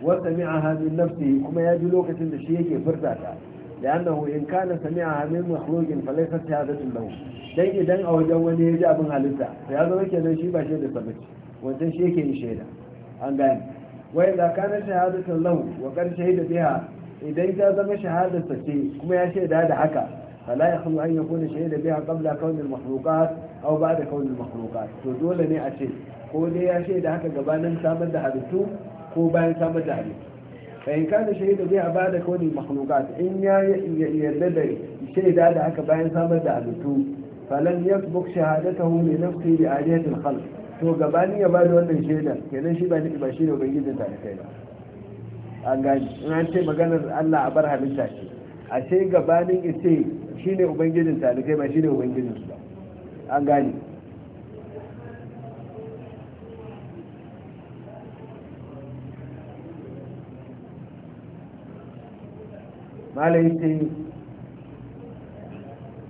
wa sami'aha min nafsihi kuma ya ji lokacin da shi yake furta ta لأنه إن كان سميعها من مخلوق فليست شهادة له dan idan a wajen wani ya ji abin halitta to ya zama kenan shi ba shaida sabit wancan shi yake yin shaida an gane wa idza kana shahadatan lahu wa qad shahida biha idan ta zama shahadarsa ce kuma ya shaida da haka fala ya kuma an yakuna shaida biha qabla kaunil makhluqat ba da kaunin makhluqat to dole ne a ce ko dai ya shaida haka gabanin samar da halittu ko bayan samar da halittu fa in kana shaida ba da kaunin makhluqat in ya yarda da shaida da haka bayan samar da halittu falan yasbuk shahadatahu li nafsihi bi da khalq to gabanin ya ba da wannan shaida kenan shi ba ni ne shi da ubangijin talikai ba an ce maganar Allah a bar halitta ce a ce gabanin ita shi ne ubangijin talibai ba shi ne ubangijin su ba an gane malayi ce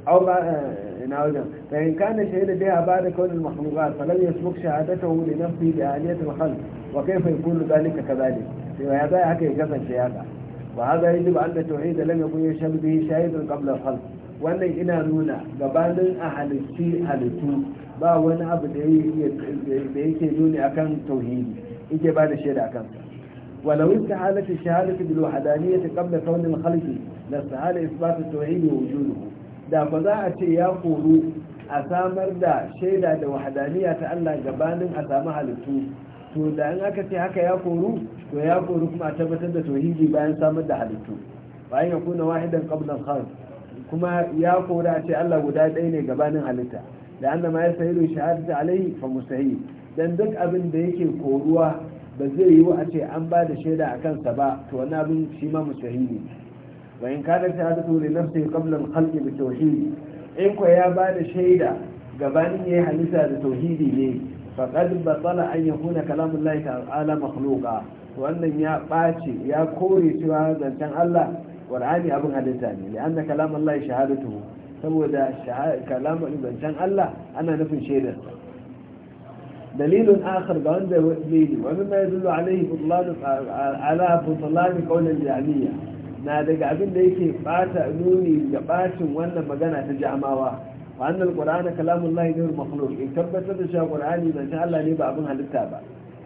au ba ina wajen فإن كان شهيدا بها بعد كون المخلوقات فلم يسبق شهادته لنفسه بآلية الخلق وكيف يكون ذلك كذلك cewa ya zai haka ya kasance haka wa haza yajibu an da tauhid lam yakun yashhadu bihi shahidun qabla al-khalq wannan ina nuna gabanin a halitti halittu ba wani abu da yake nuni akan tauhidi yake ba da shaida a akan ولو استحالت الشهادة halittu قبل كون الخلق لاستحال إثبات التوحيد ووجوده da ba za a ce ya koru a samar da shaida da wahadaniya ta Allah gabanin a samu halittu to da in aka ce haka ya koru to ya koru kuma a tabbatar da tauhidi bayan samar da halittu bayan ya kuna wahidan qablan khalq kuma ya kori a ce Allah guda ɗaya ne gabanin halitta da annama ya sahilu shahadatu alaihi fa mustahil dan duk abin da yake koruwa ba zai yi wa a ce an ba da shaida a kansa ba to wani abin shi ma ne wa in kana shahadatu li nafsihi qabla al-khalqi bi tauhidi in ko ya ba da shaida gabanin yayi halitta da tauhidi ne faƙad batsala an yi kuna kalamun lai ala makhluqa wannan ya ɓace ya kore cewa zancen Allah ƙwar'ani abin halitta ne da an da kalamun lai shahadatu saboda kalamun zancen Allah ana nufin shaidar dalilun akhar ga wanda ya wani wani mai dullu alaihi fitulani ala fitulani kaunar jami'a na daga abin da yake ɓata nuni ga ɓacin wannan magana ta jamawa wa annal qur'ana kalamullahi ghayr makhluq in tabbatar da cewa qur'ani ban ta Allah ne ba abin halitta ba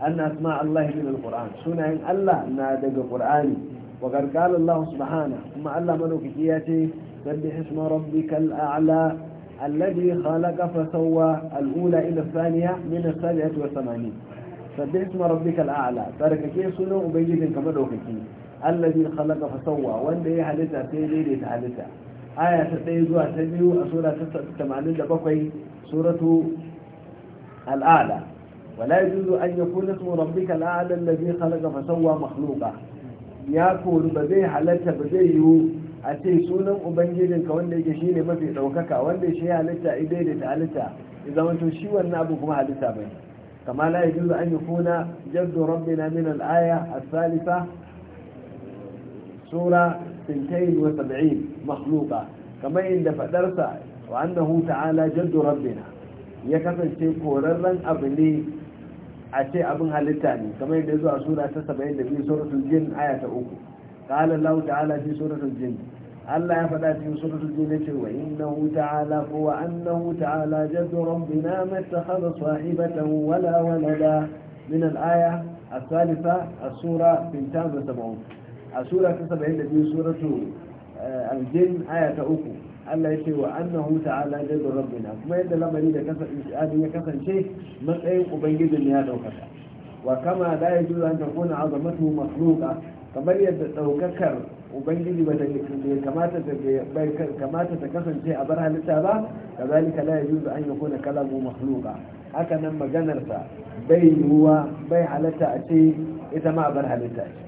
anna asma Allah min alquran sunayen Allah na daga qur'ani wa qad qala Allah subhanahu kuma Allah madaukaki ya ce sabbi isma rabbikal a'la alladhi khalaqa fa sawwa al-ula ila thaniya min as-sabi'ati wa thamanin sabbi isma rabbikal a'la tarkake sunan ubangijinka madaukaki alladhi khalaqa fa sawwa wanda ya halitta sai daidaita halitta aya ta ɗaya zuwa ta biyu a sura ta tamanin da bakwai suratu al'ala wala yajuzu an yakuna su rabbika al'ala alladhi khalaqa fa sawwa makhluqa ya kori ba zai halatta ba zai yiwu a ce sunan ubangijinka wanda yake ne mafi ɗaukaka wanda shi halitta idai da ta halitta ya to shi wannan abu kuma halitta ba kama la yajuzu an yakuna jaddu rabbina min al-aya salisa sura sintain wa sab'in makhluqa kamar inda fadarsa wa annahu ta'ala jaddu rabbina ya kasance korarren abu ne a ce abin halitta ne kamar yadda zuwa sura ta 72 suratul jin aya ta 3 qala Allah ta'ala fi suratul jin Allah ya faɗa cikin suratul jin yace wa innahu ta'ala huwa annahu ta'ala jaddu rabbina ma takhadha sahibatan wala walada aya الثالثة السورة 270 a sura ta saba'in da biyu suratu eh, aljin aya ta uku Allah ya ce wa annahu ta'ala jaddu rabbina kuma yadda lamari da kasance ya kasance matsayin ubangijin ya daukaka wa kama la yajuzu an takuna azamatu makhluqa kamar yadda daukakar ubangiji ba ta kamata ta bai kamata ta kasance a bar halitta ba kazalika la yajuzu an yakuna kalamu makhluqa haka nan maganar sa bai ruwa bai halatta a ce ita ma a bar halitta ce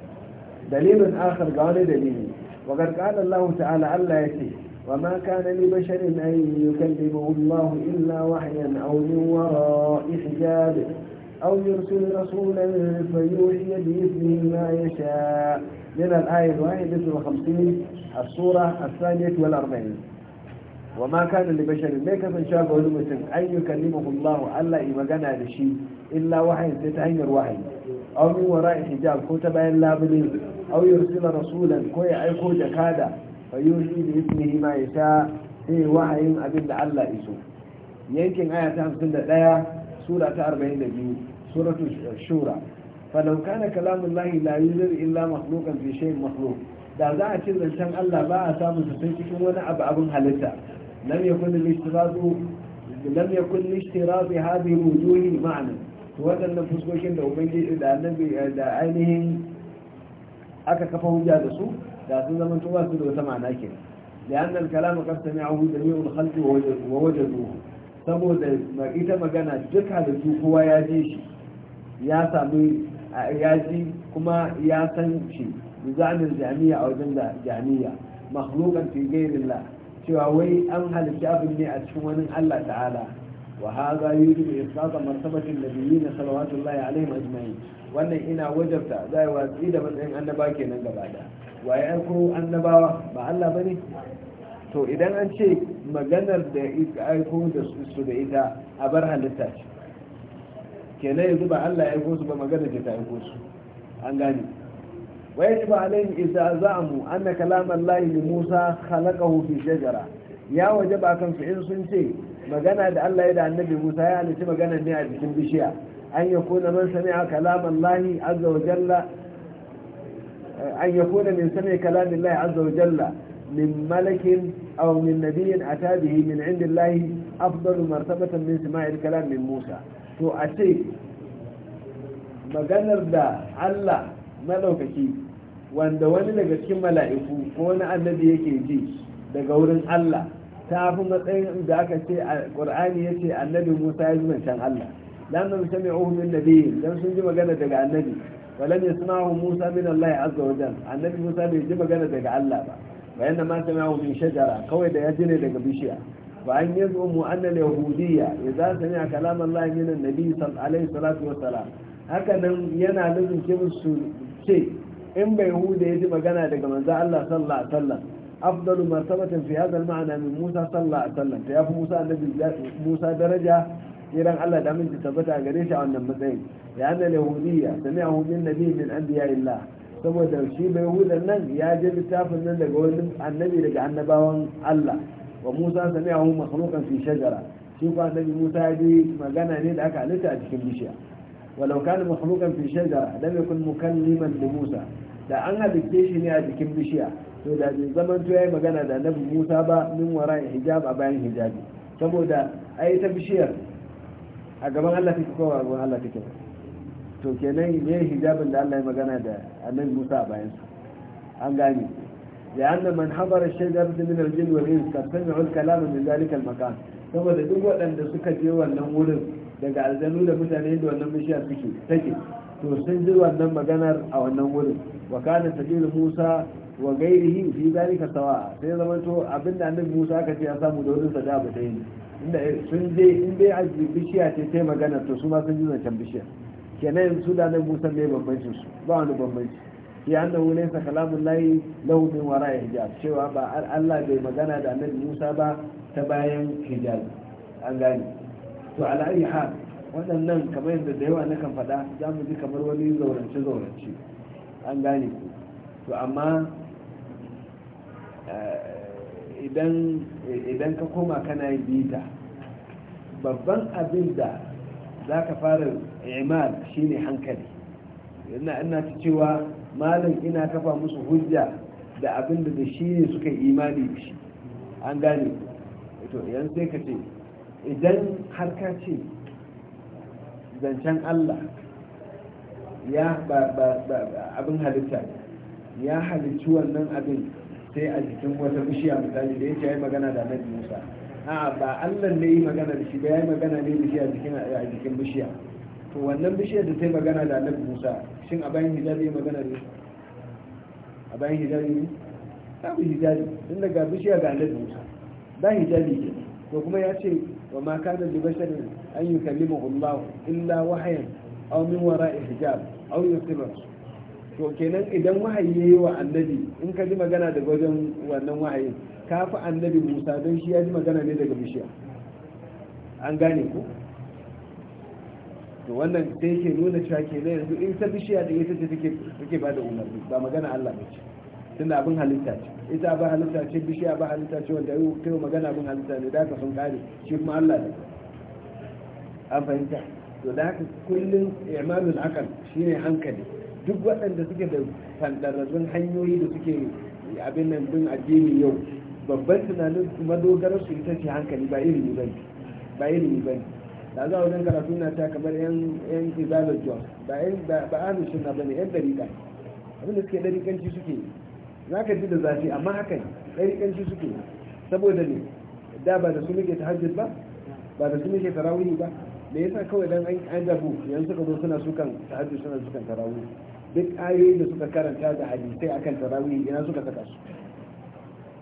dalilin akhar ga wani dalili wa garkada Allah ta'ala Allah ya ce wa ma kana li basharin an yukallimahu Allah illa wahyan aw min wara'i hijab aw yursil rasulan fayuhiya bi idnihi ma yasha من الآية 51 السورة الثانية والأربعين وما كان لبشر ليك من شاب ولمسن أن يكلمه الله ألا إما قنا لشيء إلا وحي تتعين الوحي aw min wara'i hijab ko ta bayan labule aw yursila rasulan ko ya aiko jakada fa yuhi bi ismihi ma yasha sai wahayin abin da Allah iso yankin aya ta 51 sura ta 42 suratu shura falau kana kalamun lahi la yuzir illa makhluqan fi shay'in makhluq da za a cin zancen Allah ba a samun su sai cikin wani abu abin halitta lam yakun al-ishtiratu lam yakun al-ishtiratu hadhihi wujuhi ma'na to waɗannan fuskokin da ubangiji eh, da ainihin aka kafa hujja da su da sun zama to ba su da wata ma'ana ke da annal kalama qad sami'ahu jami'ul khalqi wa saboda ita magana duk halittu kowa ya ji shi ya kuma ya san shi zanin jami'a a wajen da jami'a makhluqan fi ghairillah cewa wai an halitta abin ne a cikin wani Allah ta'ala وهذا يوجب إسقاط مرتبة النبيين صلوات الله عليهم أجمعين wannan ina wajabta za a watsi da matsayin annaba kenan gaba da waye an ko annabawa ba Allah bane to idan an ce maganar da aiko da su da ita a bar halitta kenan yanzu ba Allah ya aiko ba maganar da ta aiko su an gane waye ba alaihim idza za'amu Musa khalaqahu fi shajara ya wajaba kan in sun ce magana da Allah ya da annabi Musa ya halitta maganar ne a jikin bishiya an ya kuna man sami'a kalaman lahi azza wa jalla an ya kuna min sami kalamin lahi azza wa jalla min malakin aw min nabiyyin ata bihi min indillahi afdalu martabatan min sama'il kalam min Musa to a ce maganar da Allah madaukaki wanda wani daga cikin mala'iku ko wani annabi yake ji daga wurin Allah ta fi matsayin da aka ce a ƙur'ani ya ce annabi musa ya zuwa can allah lan nan sami dan sun ji magana daga annabi walam ya suna ohun musa min allah azza annabi musa bai ji magana daga allah ba ba yadda ma sami shajara kawai da ya ji ne daga bishiya ba an yi zuwa mu annan yahudiya ya za su ne a kalam allah min annabi alaihi salatu wa salam haka nan yana nufin kibin su ce in bai hude ya ji magana daga manzo allah sallallahu alaihi wa أفضل مرتبة في هذا المعنى من موسى صلى الله عليه وسلم فيافو موسى النبي موسى درجة إيران الله دامن تثبت أغريش عن النمتين لأن اليهودية سمعه من نبي من أنبياء الله ثم دوشي بيهود النن يا جل التاف النن لقول النبي لقى النباوان الله وموسى سمعه مخلوقا في شجرة شوف النبي موسى دي ما كان نيد أكا لتأتي بشيء ولو كان مخلوقا في شجرة لم يكن مكلما لموسى لأن هذا الكيش نيد كم بشيء to da bai zaman to yayi magana da annabi Musa ba min wara hijab a bayan hijabi saboda ai ta bishiyar a gaban Allah take ko a gaban Allah take to kenan me hijabin da Allah ya magana da annabi Musa a bayan sa an gane لأن من حضر الشجرة من الجن والإنس قد سمعوا الكلام من ذلك makan saboda duk waɗanda suka je wannan wurin daga aljanu da mutane da wannan bishiyar suke take to sun ji wannan maganar a wannan wurin wa kana sabil musa wa gairihi fi dalika sawa sai zama to abinda annabi musa aka ce ya samu da wurin sa da ba dai inda eh, sun je in dai a bishiya ce sai magana to su ma sun ji zancen bishiya kenan su da annabi musa ne bambancin su ba wani bambanci fi annahu sa kalamun lahi lahu min wara'i hijab cewa ba Allah bai magana da annabi musa ba ta bayan hijab an gane to ala ayi hal waɗannan kamar yadda da yawa na kan faɗa za mu ji kamar wani zaurance-zaurance an gane ku to amma eh, idan ka koma kana yi bita babban abin da za ka fara imal shine hankali yana ina ta cewa malam ina kafa musu hujja da abin da shi ne suka imani da shi an gane to yan sai ka ce idan har ka ce zancen Allah ya ba abin halitta ya halicci wannan abin sai a jikin wata bishiya misali da yake yayi magana da Annabi Musa a'a ba Allah ne yi magana da shi ba yayi magana ne bishiya jikin a jikin bishiya to wannan bishiyar da sai magana da Annabi Musa shin a bayan hijabi ya magana da a bayan hijabi ne babu hijabi tun daga bishiya ga Annabi Musa ba hijabi ke to kuma ya ce وما كان لبشر أن يكلمه الله إلا وحيا أو من وراء حجاب أو يصبر to kenan idan wahayi yi wa annabi in ka ji magana daga wajen wannan wahayin ka fi annabi Musa don shi ya ji magana ne daga bishiya an gane ku to wannan sai ke nuna cewa na yanzu in ta bishiya da ita ce take ba bada umarni ba magana Allah ba ce tunda abin halitta ce ita abin halitta ce bishiya abin halitta ce wanda yau kai magana abin halitta ne da haka sun kare shi kuma Allah ne an fahimta to da haka kullum imalul akal shine hankali duk waɗanda suke da fandarrazun hanyoyi da suke abin nan din addini yau babban tunanin madogarar su ita ce hankali ba ilimi bane ba ilimi bane da za wajen karatu na ta kamar yan yan izalar jos ba yan ba ahlus sunna bane yan dariqa abin da suke dariƙanci suke za ka ji da zafi amma hakan ƙanci suke saboda ne da ba da su muke hajji ba ba da su muke tarawuni ba me yasa kawai don an dabu yan suka zo suna sukan hajji suna sukan tarawuni duk ayoyi da suka karanta da hadisai akan tarawuni ina suka saka su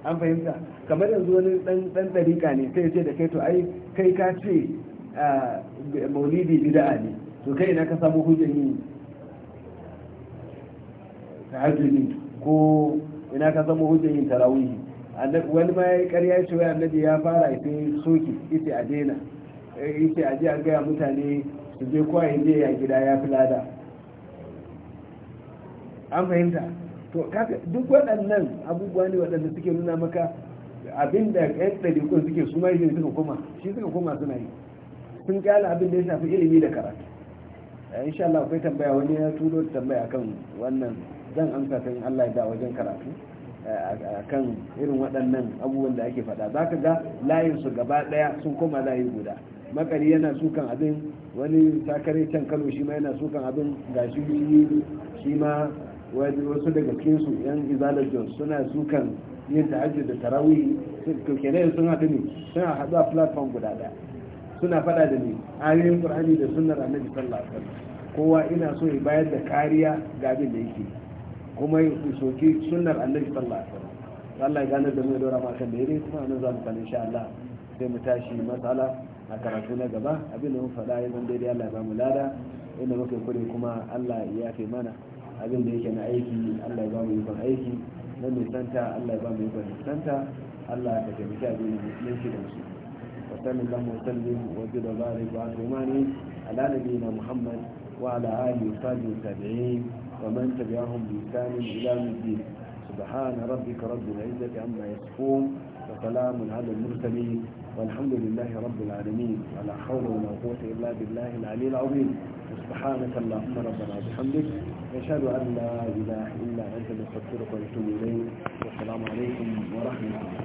an fahimta kamar yanzu wani dan dan dariƙa ne sai ce da kai to ai kai ka ce maulidi bid'a ne to kai na ka samu hujjar yin tahajjud ko ina ka zama hujjar yin tarawihi wani ma ya yi karya shi ce wai annabi ya fara ita soki ita a dena ita eh, a je gaya mutane su je kowa inda ya gida ya fi lada an fahimta to duk waɗannan abubuwa ne waɗanda suke nuna maka abin da ɗan ɗabi'un suke su ma yi suka koma shi suka koma suna yi sun kyala abin da ya shafi ilimi da karatu eh, insha Allah akwai tambaya wani ya turo tambaya kan wannan zan amsa ta in Allah ya da wajen karatu eh, kan irin waɗannan abubuwan da ake faɗa za ka ga layinsu gaba ɗaya sun koma layi guda makari yana sukan abin wani sakare can kano shi ma yana sukan abin ga shi shi ma wasu daga cikinsu yan izalar jones suna sukan yin tahajjud da tarawih to kenan sun haɗu ne suna haɗu a platform guda ɗaya suna faɗa da ni ayoyin qur'ani da sunnar annabi sallallahu alaihi wasallam kowa ina so ya bayar da kariya ga abin da yake kuma ya soki sunnar annabi sallallahu alaihi wasallam Allah ya ganar da mu da rama kan da yare kuma nan za mu kan insha Allah sai mu tashi matsala a karatu na gaba abin da mun faɗa ya zan daidai Allah ya bamu lada inda muke kure kuma Allah ya yafe mana abin da yake na aiki Allah ya ba mu ikon aiki na nisanta Allah ya ba mu ikon nisanta Allah ya taimaki abin da musulunci da musulunci وصلى الله وسلم وزد وبارك وعلى نبينا محمد وعلى اله وصحبه التابعين ومن تبعهم بإحسان إلى الدين سبحان ربك رب العزة عما يصفون وسلام على المرسلين والحمد لله رب العالمين ولا حول ولا قوة إلا بالله العلي العظيم سبحانك اللهم ربنا وبحمدك أشهد أن لا إله إلا أنت نستغفرك ونتوب إليك والسلام عليكم ورحمة الله